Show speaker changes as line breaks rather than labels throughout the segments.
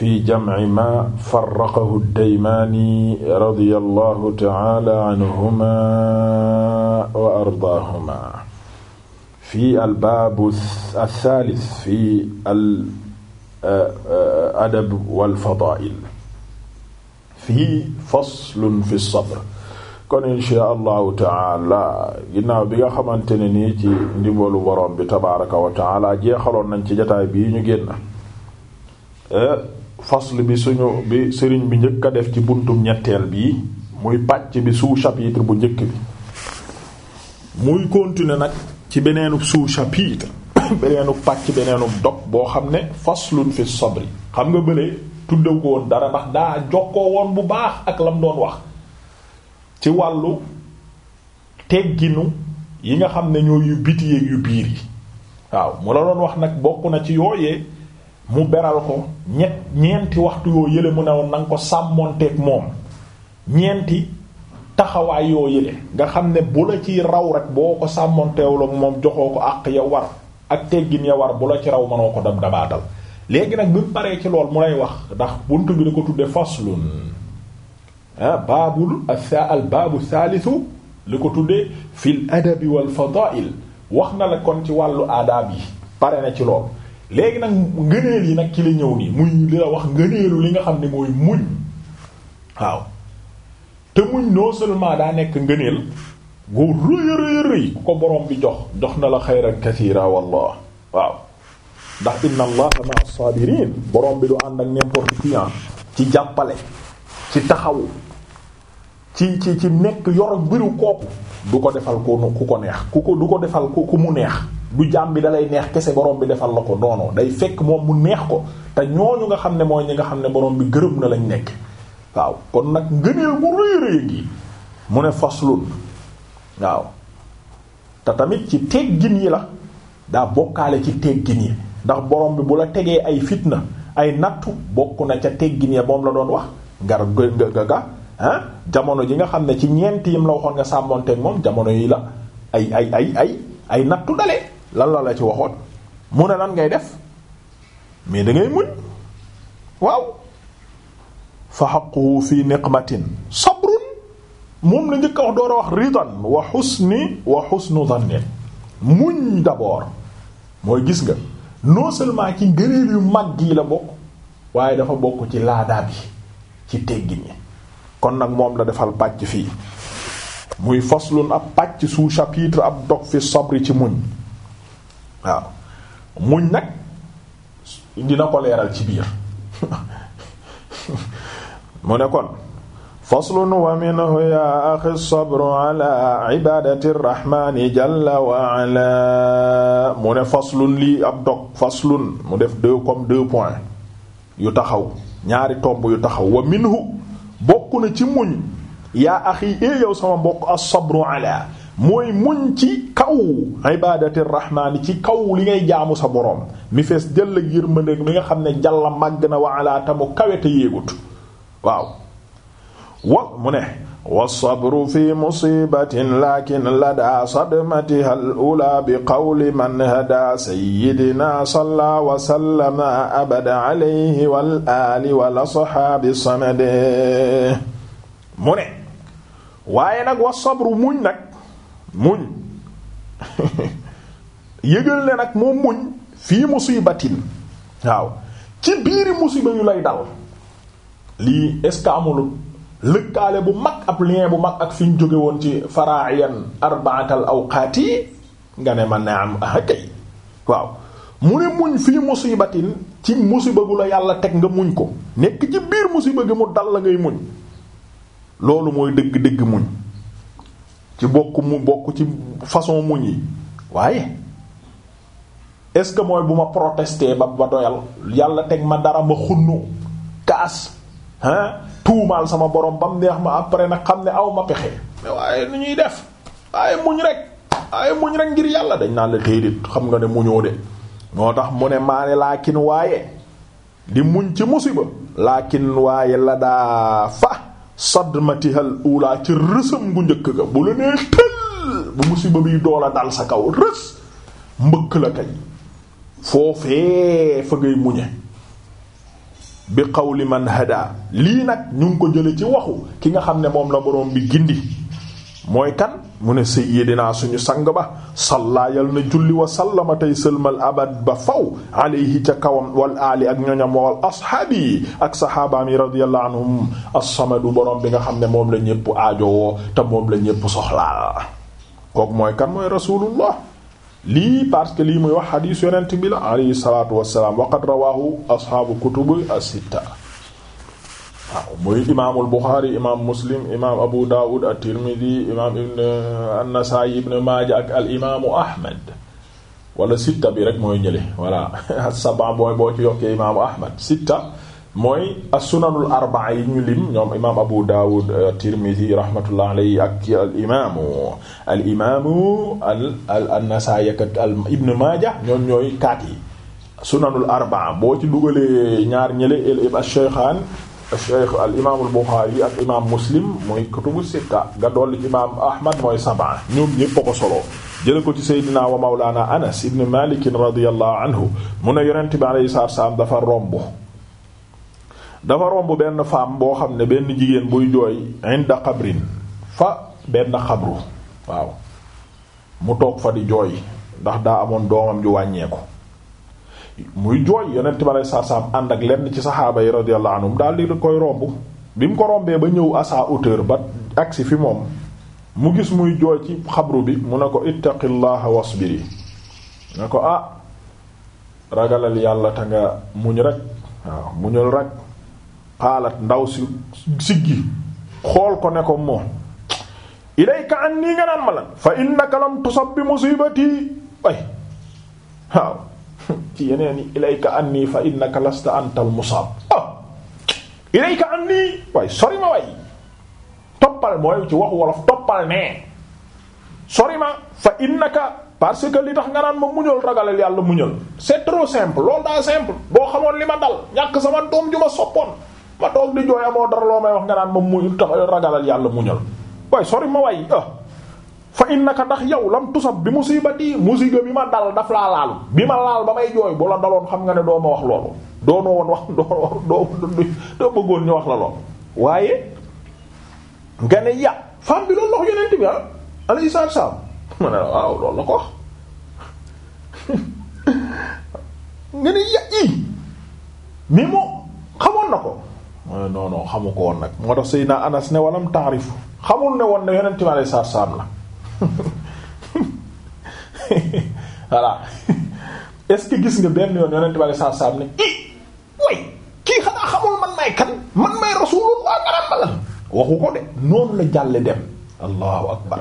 fi jamci ma farraqahu daymaani radiyallahu ta'ala anhuma wa ardaahuma fi albaabu althaalis fi al adab wal fadaa'il fii faslun fi sabr kon inshaa allahu ta'ala ginnaaw bi nga xamante ne nii ci ndimbalu boroom bi tabaaraka wa ta'ala jeexaloon nañ ci jotaay bii ñu génn eh? fasl bi suñu bi sëriñ bi njëkk a def ci buntum ñetteel bii muy pàcc bi sous bu njëkk bi muy continuer nag ci beneenub sous-chapitre beneenub pàcc beneenub dog boo xam ne faslun fi sabri xam nga bëlee tuddaw dara ndax daa jokkoo woon bu baax ak lam doon wax ci wàllu tegginu yi nga xam ne ñoo yu biti yeeg yu biir yi waaw mu la doon wax nag bokk na ci yooyee mu beral ko ñett ñeenti waxtu yoo yële mu ne woon nanga ko sàmmonteeg moom ñeenti taxawaay yoo yële nga xam ne bu la ci raw rek boo ko sàmmonteewul ak moom joxoo ko àq ya war ak teggin ya war bu la ci raw mënoo ko dab dabaatal léegi nag bi mu paree ci lool mu lay wax ndax buntu bi da ko tudde faslun ah baabul al baabu saalisu li ko tuddee fil adabi wal fadaa'il wax na la kon ci wàllu aadaab yi pare na ci lool léegi nag ngëneel yi nag ci li ñëw nii muy li la wax ngëneelu li nga xam ne mooy muñ waaw te muñ non seulement daa nekk ngëneel gu rëy rëy rëy ku ko borom bi jox jox na la xayran kasiira wallah waaw ndax inna allaha ma'a saabiriin borom bi du ànd ak n'importe qui ah. ci jàppale ci taxawu ci ci ci nekk yor mbiru kooku du ko defal ku ku ko neex ku ko du ko defal ku ku mu neex du jaam bi dalay neex kese borom bi defal la ko doono day fekk moom mu neex ko te ñooñu nga xam ne mooy ñi nga xam ne borom bi gërëm na lañu nekk waaw kon nag ngëneel bu rëy rëy gi mu ne faslun waaw te tamit ci teggin yi la daa bokkaale ci teggin yi ndax borom bi bu la tegee ay fitna ay nattu bokk na ca teggin ya moom la doon wax ngar ga ga ah jamono ji nga xam ne ci ñeent yim la waxoon nga sàmmonteeg moom jamono yi la ay ay ay ay ay nattu dale lan la la ci waxoon mu ne lan ngay def mais dangay ngay muñ waaw fa xaquhu fi niqmatin sabrun moom la njëkk a wax door a wax ridan wa xusni wa xusnu zannin muñ d'abord mooy gis nga non seulement ci ngëneel yu mag yi la bokk waaye dafa bokk ci laadaa bi ci teggin yi kon nag moom la defal pàcc fii muy faslun ab pàcc sous chapitre ab dog fi sabri ci muñ waaw muñ nag dina ko leeral ci biir mu ne kon faslun wa minhu ya axi sabru ala mu ne faslun lii ab dog faslun mu def deux comme deux points yu taxaw ñaari tomb yu taxaw wa minhu bokk na ci muñ yaa axi e eh yow sama mbokk as sabru ala mooy muñ ci kaw ibadati rahmaani ci kaw li ngay jaamu sa boroom mi fees jël ak yërmande mi nga xam ne jàlla màgg na waalaa tamu kawete yéegut waaw wa mu ne wa sabru fi musibatin lakin ladaa sadmatiha al ula bi qawli man hada sayidina salla wa sallama abada alayhi wal ali wal ashaabi samade mu ne waaye nag wa sabru muñ nag muñ yëgal ne nag moom muñ fii musibatin waaw ci biiri musiba yu lay dal lii est-ce que amul lëkkaale bu mag ab lien bu mag ak fi ñu jóge woon ci faraayan arbaatal awqaat yi nga ne ma naam ah kay waaw mu ne muñ fii musibatin ci musiba gu la yàlla teg nga muñ ko nekk ci biir musiba gi mu dal la ngay muñ loolu mooy dëgg-dëgg muñ ci bokk mu bokk ci façon muñ yi waaye est-ce que mooy bu ma protester ba ba doyal yàlla teg ma dara ma xunnu kaas ah tuumaal sama borom ba mu neex ma après nag xam ne aw ma pexe mais waaye nu ñuy def waaye muñ rek waaye muñ rek ngir yàlla dañ naan la déedéet xam nga ne muñoo de moo tax mu ne maa ne laakin waaye di muñ ci musiba laakin waaye la daa fa sadmatiha al ula ci rësam bu njëkk ga bu la nee tëll bu musiba biy doola dal sa kaw rës mbëkk la kay foofee fa ngay muñe bi qawli man hada lii nag ñu ngi ko jële ci waxu ki nga xam ne moom la borom bi gindi mooy kan mu ne sayyidina suñu sang ba salla yal na julli wa sallama tey sëlmal abad ba faw alayhi ca kawam wal ali ak ñoñam wal ashaabi ak sahabaam radiyallahu anhum as-samadu borom bi nga xam ne moom la ñëpp aajowoo te moom la ñëpp soxlaal kooku mooy kan mooy rasulullah lii parce que lii muy wax xadiis yonent bi la alayhi salatu wasalaam waqad rawahu ashaabu kutubu as waaw muy imaamul Buxaari imaam Muslim imaam Abu Daawud at-Tirmidi imaam Ibn euh, an-Nasaa'i Ibn Maaja ak al imaamu Ahmed wala sitta bi rek mooy ñële voilà as-sab'a mooy al imaamu ñaar cheikh al imaamul Buxaari ak imaam Muslim muy kutubu sitta nga dolli ci imaam Ahmad mooy sab'a ñoom ñépp a ko solo jële ko ci Seydina wa Mawlana Anas ibn Malik radiyallahu anhu mu ne yonent bi alayhi salaatu salaam dafa romb dafa romb benn femme boo xam ne benn jigéen buy jooy inda qabrin fa benn xabru waaw mu toog fa di jooy ndax daa amoon doomam ju wàññeeku. muy jooy yonent bi alei satu ànd ak lenn ci saxaaba yi radiyallahu anhum daal di koy romb bi mu ko rombee ba ñëw à sa hauteur ba agsi fi moom mu gis muy jooy ci xabru bi mu ne ko ittaqillaha wasbiri ne ko ah ragalal yàlla te nga muñ rek waaw muñul rek xaalat ndaw si siggi xool ko ne ko moom ilayka an nii nga naan ma fa innaka lam tusab bi musibati ay ci yeneen ilayka anni fa innaka lasta antal musaab ah! ilayka anni waaye sori ma waay toppal mooy ci waxu wolof toppal nee sori ma fa innaka parce que li tax nga naan ma muñal ragalal yàlla muñal c'est trop simple loolu daa simple boo xamoon li ma dal ñàkk sama doom ju ma soppoon ma toog di jooy amoo dara loo may wax nga naan ma muñal tax ragalal yàlla muñal waaye sori ma waay ah fa innaka ndax yow lam tusab bi musibati musiba bi ma dal daf laa laal bi ma laal ba may jooy bu daloon xam nga ne doo ma wax loolu doonoo woon wax doo doo bëggoon ñu wax la lool waaye nga ne ya femme bi loolu la ko yonent ah wax nga ne ya i mais moo xamoon na ko non non xamu ko woon nag moo tax Seydina Anas ne walam taarifu xamul ne woon ne yonent bi alayhi salaam la voilà est-ce que gis nga benn yoon yonent bi saa saa ne i eh, way kii xanaa xamul man may kan man may rasulullah aram waxu ko de noonu la jàlle dem allahu akbar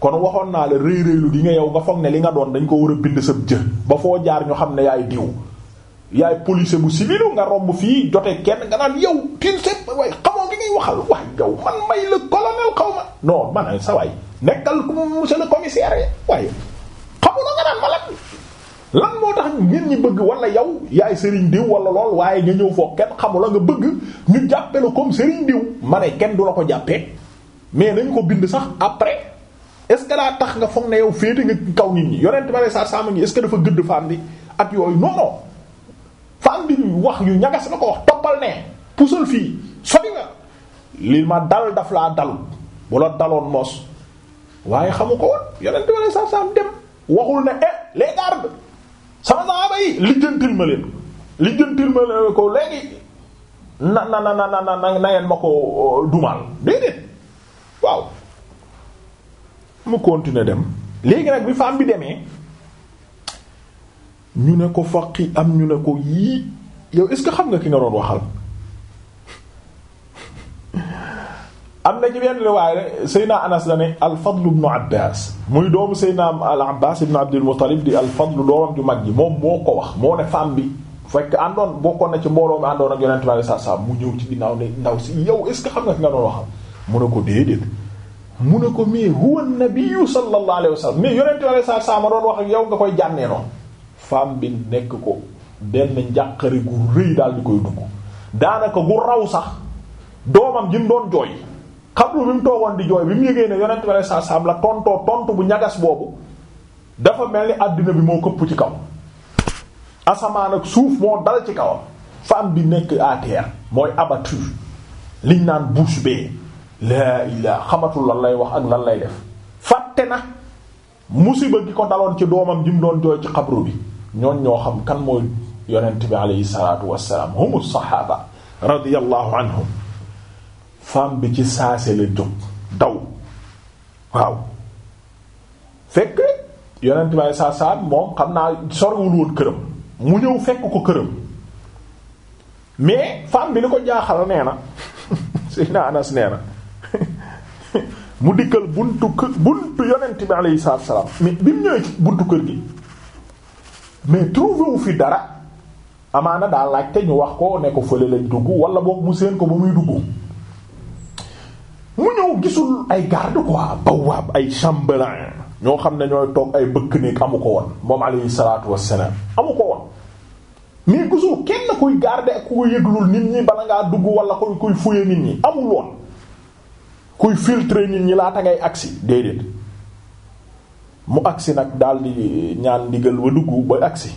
kon waxoon naa la rëy rëylu gi nga yow nga foog ne li nga doon dañ ko war a bind sa jë ba foo jaar ñu xam ne yaay diw yaay policier bu civil nga romb fii jote kenn nga naan yow tin set way ma ne sa waay nekkal monsieur le commissaire waaye xamu na nga naan ma lan lan moo tax nit ñi bëgg wala yow yaay Serigne diw wala lool waaye nga ñëw foofu kenn xamu la nga bëgg ñu jàppe la comme Serigne diw ma kenn du la ko jàppee mais nañ ko bind sax après est-ce que daa tax nga foog ne yow féete nga kaw nit ñi yonent ma ne sa sama ngi est dafa gëdd femme bi ak yooyu non non bi wax yu ñagas na ko wax toppal ne puusal fii sori nga li ma dal daf laa dalul bu la daloon mos waaye xamu ko woon yonent bi saa saam dem waxul ne eh les gardes sama saaba yi lijjantil ma leen lijjantil ma leen ko léegi na na na na na na ngeen ma ko euh, dumaal déedéet waaw mu continuer dem léegi nag bi femme bi demee ñu ne ko faqi am ñu ne ko yii yow est-ce que xam nga ki nga doon waxal am na ci benn riwaaya Seydina Anas la ne al-Fadl ibn Abbas muy doomu Seydina al-Abbas ibn Abdul Muttalib di al-Fadl doomam ju mag ji moom moo ko wax moo ne bi fekk àndoon bokkoon na ci mbooloo mi àndoon ak Yonent bi sallallahu mu ñëw ci ginnaaw ne ndaw si yow est ce que xam nga fi ne ko déedéet mu ne ko mais huwa an-nabiyyu sallallahu alayhi wasallam mais Yonent bi sallallahu alayhi ak yow nga koy jànnee noonu femme bi nekk ko benn njàqare gu rëy daal di koy dugg daanaka gu raw sax doomam ji mu jooy xabru bi mu toogoon di jooy bi mu yëgee ne yonent bi saa saam la tontoo tontu bu ñagas boobu dafa mel ni àddina bi moo këpp ci kaw asamaan ak suuf moo dal ci kawam femme bi nekk à mooy abattu liñ naan bouche bée laa ilaa xamatul lan lay wax ak lan lay def fatte na musiba gi ko daloon ci doomam ji mu doon jooy ci xabru bi ñoon ñoo xam kan mooy yonent bi aleyhi salaatu wassalaam humu saxaaba radiyallahu anhum femme bi ci saase la jóg daw waaw fekk yonent bi saa saa moom xam naa sorwul woon këram mu ñëw fekk ko këram mais femme bi li ko jaaxal nee na Seydina Anas nee na mu dikkal buntu kë buntu yonent bi alayhi salaam mais bi mu ñëwee buntu kër gi mais trouvé wu fi dara amaana daal laaj te ñu wax ko ne ko fële lañ dugg wala boog mu seen ko ba muy dugg. ñëw gisul ay garde quoi bawaab ay chambellan ñoo xam ne ñooy toog ay bëkk néeg amu ko woon moom alayhi salaatu wassalaam amu ko woon mais gisul kenn kuy garde ak ku yëglul nit ñi bala ngaa dugg wala kuy kuy fuye nit ñi amul woon kuy filtrer nit ñi laata ngay agsi déedéet mu agsi nag dal di ñaan ndigal wa dugg ba agsi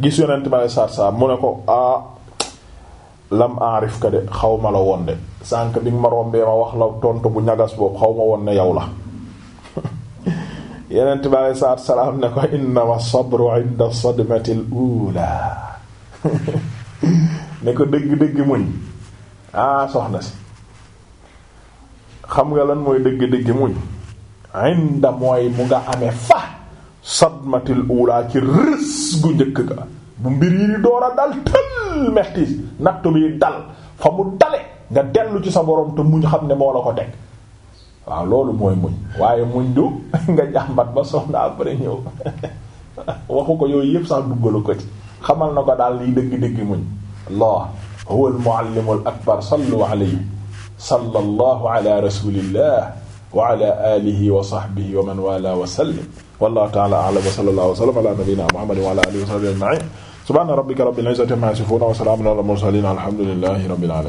gis yonent ma saar saar mu ne ko ah, lam aarif ka de xaw ma la woon de sànq bi nga ma rombee ma wax la tontu bu ñagas boobu xaw ma woon ne yow la yenent bi alei salaatu salaam ne ko innama sabru inda sadmati ne ko dëgg-dëgg muñ ah soxna si xam nga lan mooy dëgg-dëgg muñ inda mooy mu nga amee fa sadmatil ula ci rës gu njëkk ga bu mbir yi di door a dal tël jël mextiis nattu bi dal fa mu dale nga dellu ci sa borom te muñ xam ne moo la ko teg waaw loolu mooy muñ waaye muñ du nga jàmbat ba soxna après ñëw waxu ko yooyu yëpp sax duggalu ko ci xamal na ko daal liy dëgg-dëgg muñ allah huwa al akbar sallu alayhi sallallahu ala rasulillah wa ala alihi wa sahbihi wa man wala wa sallim wallahu ta'ala a'lam wa sallallahu wa sallam ala nabiyyina muhammadin wa ala alihi wa subhaana rabbika rabbil izzati ammaa yasifuun wa salaamun alal mursaliin alhamdulillahi rabbil aalamiin